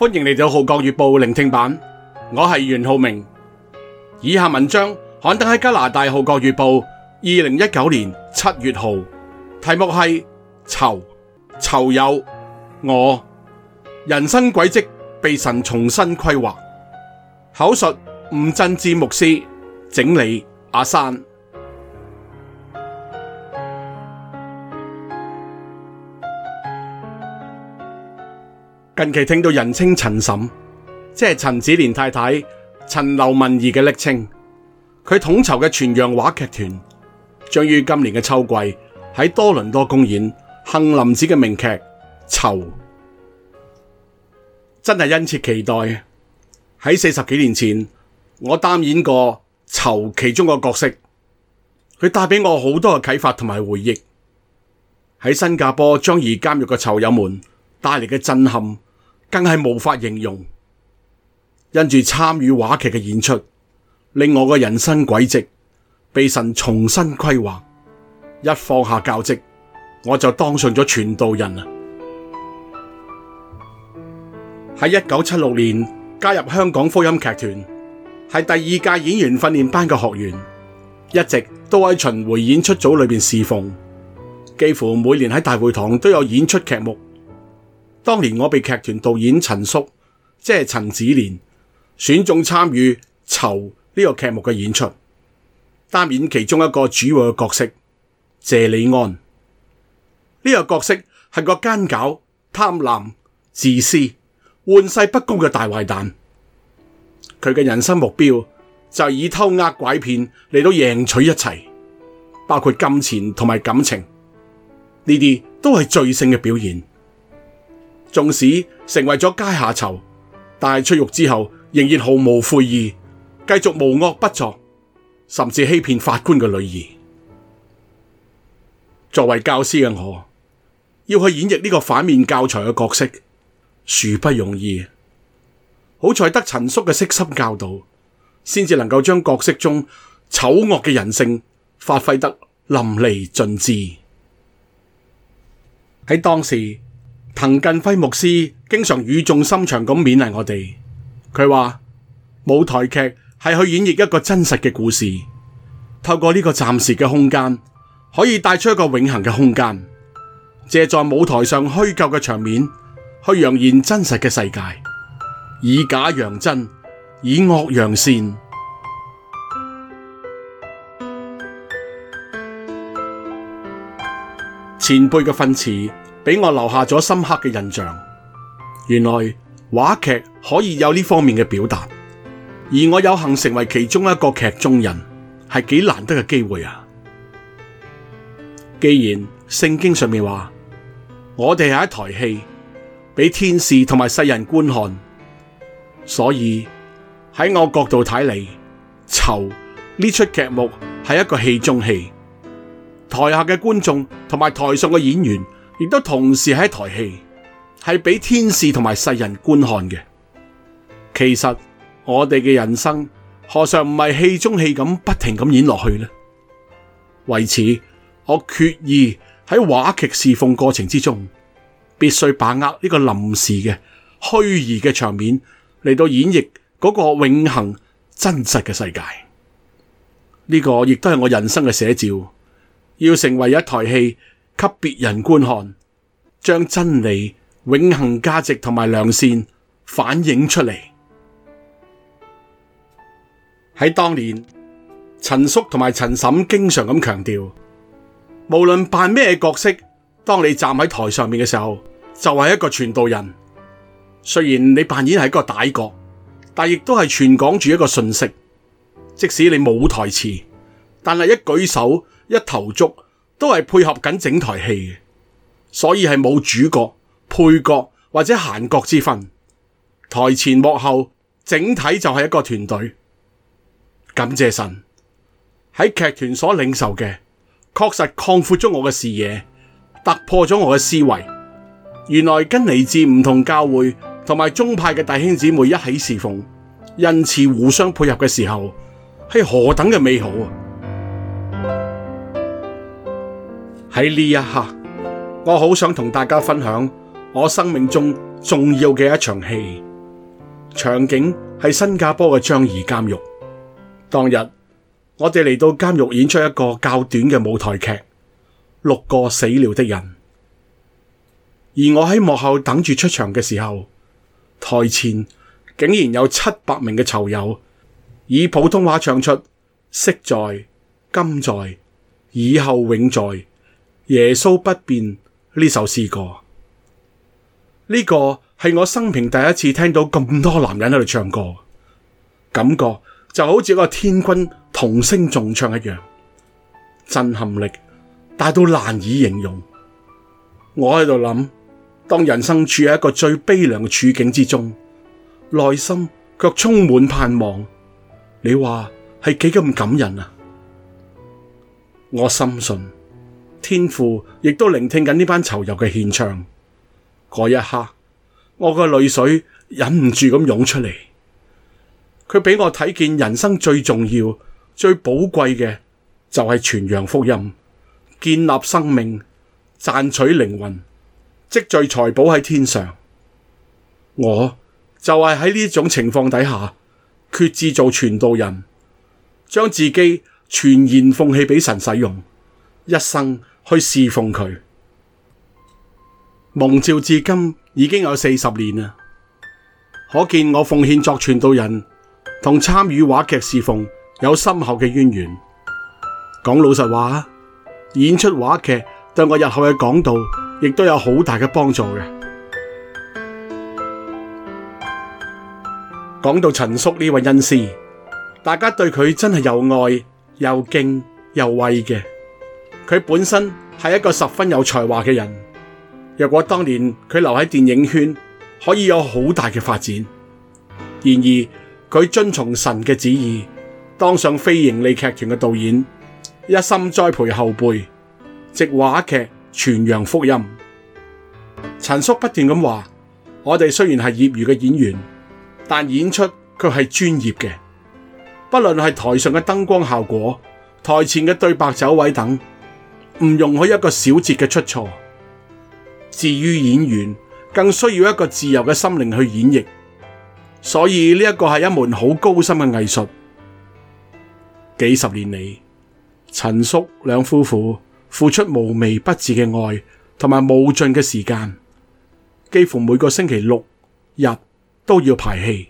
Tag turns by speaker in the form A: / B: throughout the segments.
A: 歡迎嚟到《號角月報》聆聽版，我係袁浩明。以下文章刊登喺加拿大《號角月報》二零一九年七月號，題目係《囚囚友我》，人生軌跡被神重新規劃。口述吳鎮志牧師，整理阿山。近期聽到人稱陳嬸，即係陳紫年太太陳劉文儀嘅昵稱，佢統籌嘅傳揚話劇團將於今年嘅秋季喺多倫多公演《杏林子》嘅名劇《囚》，真係殷切期待。喺四十幾年前，我擔演過《囚》其中個角色，佢帶畀我好多嘅啟發同埋回憶。喺新加坡樟宜監獄嘅囚友們帶嚟嘅震撼。更是無法形容，因住參與話劇嘅演出，令我的人生軌跡被神重新規劃。一放下教職，我就當上咗傳道人。在喺一九七六年加入香港福音劇團，是第二屆演員訓練班嘅學員，一直都喺巡迴演出組裏面侍奉，幾乎每年喺大會堂都有演出劇目。當年我被劇團導演陳嬸，即係陳紫年選中參與《囚》呢、這個劇目嘅演出，擔演其中一個主要嘅角色謝禮安。呢、這個角色係個奸狡、貪婪、自私、玩世不恭嘅大壞蛋。佢嘅人生目標就係以偷呃、拐騙嚟到贏取一切，包括金錢同埋感情，呢啲都係罪性嘅表現。縱使成為咗階下囚，但係出獄之後仍然毫無悔意，繼續無惡不作，甚至欺騙法官嘅女兒。作為教師嘅我，要去演繹呢個反面教材嘅角色，殊不容易。好彩得陳叔嘅悉心教導，先至能夠將角色中醜惡嘅人性發揮得淋漓盡致。喺當時。滕近輝牧師經常語重心長咁勉勵我哋，佢話舞台劇係去演繹一個真實嘅故事，透過呢個暫時嘅空間，可以帶出一個永恆嘅空間，借在舞台上虛構嘅場面去揚現真實嘅世界，以假揚真，以惡揚善，前輩嘅訓詞畀我留下咗深刻嘅印象。原來話劇可以有呢方面嘅表達，而我有幸成為其中一個劇中人，係幾難得嘅機會啊！既然聖經上面話我哋係一台戲，俾天使同埋世人觀看，所以喺我角度睇嚟，《囚》呢齣劇目係一個戲中戲，台下嘅觀眾同埋台上嘅演員。亦都同時係一台戲，係俾天使同埋世人觀看嘅。其實我哋嘅人生，何嘗唔係戲中戲咁不停咁演落去呢？為此，我決意喺話劇侍奉過程之中，必須把握呢個臨時嘅虛擬嘅場面嚟到演繹嗰個永恆真實嘅世界。呢個亦都係我人生嘅寫照，要成為一台戲。給別人觀看，將真理、永恒價值同埋良善反映出嚟。喺當年，陳叔同埋陳嬸經常咁強調，無論扮咩角色，當你站喺台上面嘅時候，就係、是、一個傳道人。雖然你扮演係一個歹角，但亦都係傳講住一個信息。即使你冇台詞，但係一舉手、一投足。都係配合緊整台戲，所以係冇主角、配角或者閒角之分。台前幕後，整體就係一個團隊。感謝神喺劇團所領受嘅，確實擴闊咗我嘅視野，突破咗我嘅思維。原來跟嚟自唔同教會同埋宗派嘅弟兄姊妹一起侍奉，因此互相配合嘅時候，係何等嘅美好啊！喺呢一刻，我好想同大家分享我生命中重要嘅一場戲。場景係新加坡嘅樟宜監獄。當日我哋嚟到監獄演出一個較短嘅舞台劇《六個死了的人》，而我喺幕後等住出場嘅時候，台前竟然有七百名嘅囚友以普通話唱出：昔在，今在，以後永在。耶穌不變，呢首詩歌，呢個係我生平第一次聽到咁多男人喺度唱歌，感覺就好似個天軍同聲重唱一樣，震撼力大到難以形容。我喺度諗，當人生處喺一個最悲涼嘅處境之中，內心卻充滿盼望，你話係幾咁感人啊！我深信。天父亦都聆聽緊呢班囚友嘅獻唱，嗰一刻，我個淚水忍唔住咁湧出嚟。佢俾我睇見人生最重要、最寶貴嘅就係傳揚福音，建立生命，賺取靈魂，積聚財寶喺天上。我就係喺呢種情況底下，決志做傳道人，將自己全然奉獻俾神使用。一生去侍奉佢，蒙召至今已經有四十年啦。可見我奉獻作傳道人同參與話劇侍奉有深厚嘅淵源。講老實話，演出話劇對我日後嘅講道亦都有好大嘅幫助嘅。講到陳叔呢位恩師，大家對佢真係又愛又敬又畏嘅。佢本身係一個十分有才華嘅人，若果當年佢留喺電影圈，可以有好大嘅發展。然而佢遵從神嘅旨意，當上非營利劇團嘅導演，一心栽培後輩，直話劇傳揚福音。陳叔不斷咁話：我哋雖然係業餘嘅演員，但演出卻係專業嘅，不論係台上嘅燈光效果、台前嘅對白走位等。唔容許一個小節嘅出錯。至於演員，更需要一個自由嘅心靈去演繹。所以呢個係一門好高深嘅藝術。幾十年嚟，陳叔兩夫婦付出無微不至嘅愛同埋無盡嘅時間，幾乎每個星期六日都要排戲，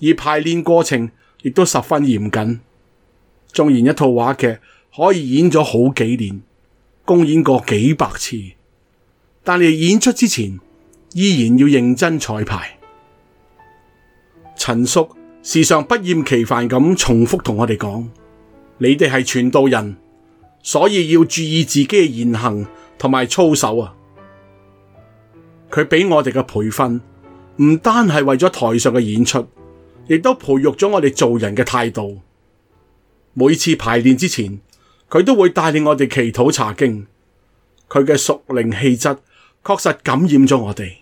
A: 而排練過程亦都十分嚴謹。縱然一套話劇可以演咗好幾年。公演過幾百次，但你演出之前依然要認真彩排。陳叔時常不厭其煩咁重複同我哋講：你哋係傳道人，所以要注意自己嘅言行同埋操守啊！佢俾我哋嘅培訓，唔單係為咗台上嘅演出，亦都培育咗我哋做人嘅態度。每次排練之前，佢都會帶領我哋祈禱查經，佢嘅屬靈氣質確實感染咗我哋。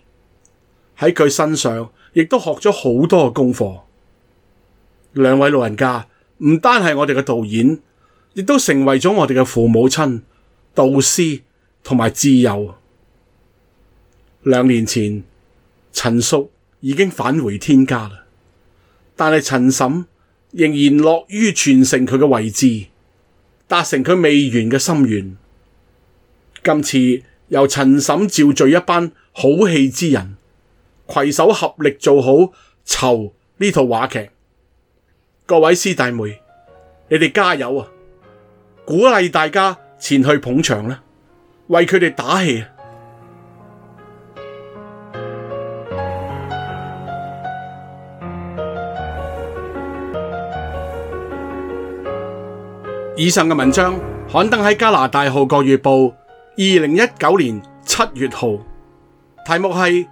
A: 喺佢身上，亦都學咗好多嘅功課。兩位老人家唔單係我哋嘅導演，亦都成為咗我哋嘅父母親、導師同埋摯友。兩年前，陳叔已經返回天家啦，但係陳嬸仍然樂於傳承佢嘅位置。達成佢未完嘅心願。今次由陳嬸召聚一班好戲之人攜手合力做好囚呢套話劇。各位師弟妹，你哋加油啊！鼓勵大家前去捧場啦，為佢哋打氣。以上嘅文章刊登喺加拿大號角月報二零一九年七月號，題目係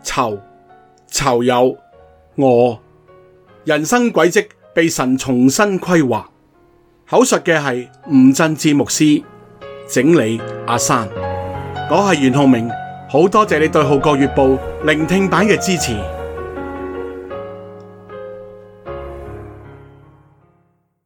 A: 「囚，囚友、我，人生軌跡被神重新規劃。口述嘅係吳鎮志牧師，整理阿山。我係袁浩明，好多謝你對號角月報聆聽版嘅支持。